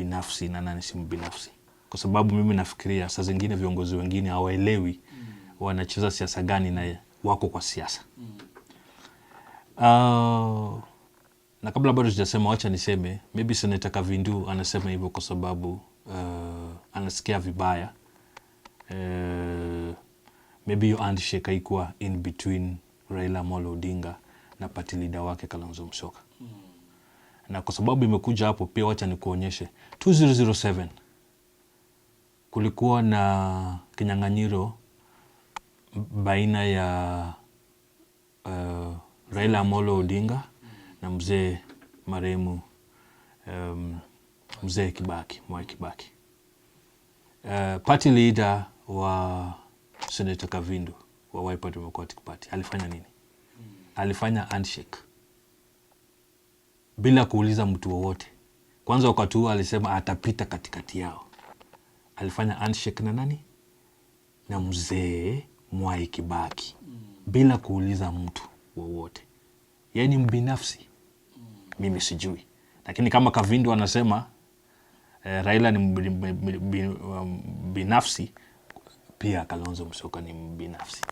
binafsi na nani si mbinafsi, kwa sababu mimi nafikiria saa zingine viongozi wengine hawaelewi mm. wanacheza siasa gani na wako kwa siasa mm. uh, na kabla bado sijasema, wacha niseme maybe Seneta Kavindu anasema hivyo kwa sababu uh, anasikia vibaya uh, maybe hiyo handshake haikuwa in between Raila Amolo Odinga na party leader wake Kalonzo Musyoka mm na kwa sababu imekuja hapo pia, wacha nikuonyeshe 2007 kulikuwa na kinyang'anyiro baina ya uh, Raila Amolo Odinga na mzee marehemu um, mzee Kibaki, Mwai Kibaki. Uh, party leader wa Senator Kavindu wa Wiper Democratic Party alifanya nini? Alifanya handshake bila kuuliza mtu wowote. Kwanza wakati huo alisema atapita katikati yao. Alifanya handshake na nani? Na mzee Mwai Kibaki bila kuuliza mtu wowote. Yeye ni mbinafsi, mimi sijui, lakini kama Kavindu anasema eh, Raila ni mbinafsi, um, pia Kalonzo Musyoka ni mbinafsi.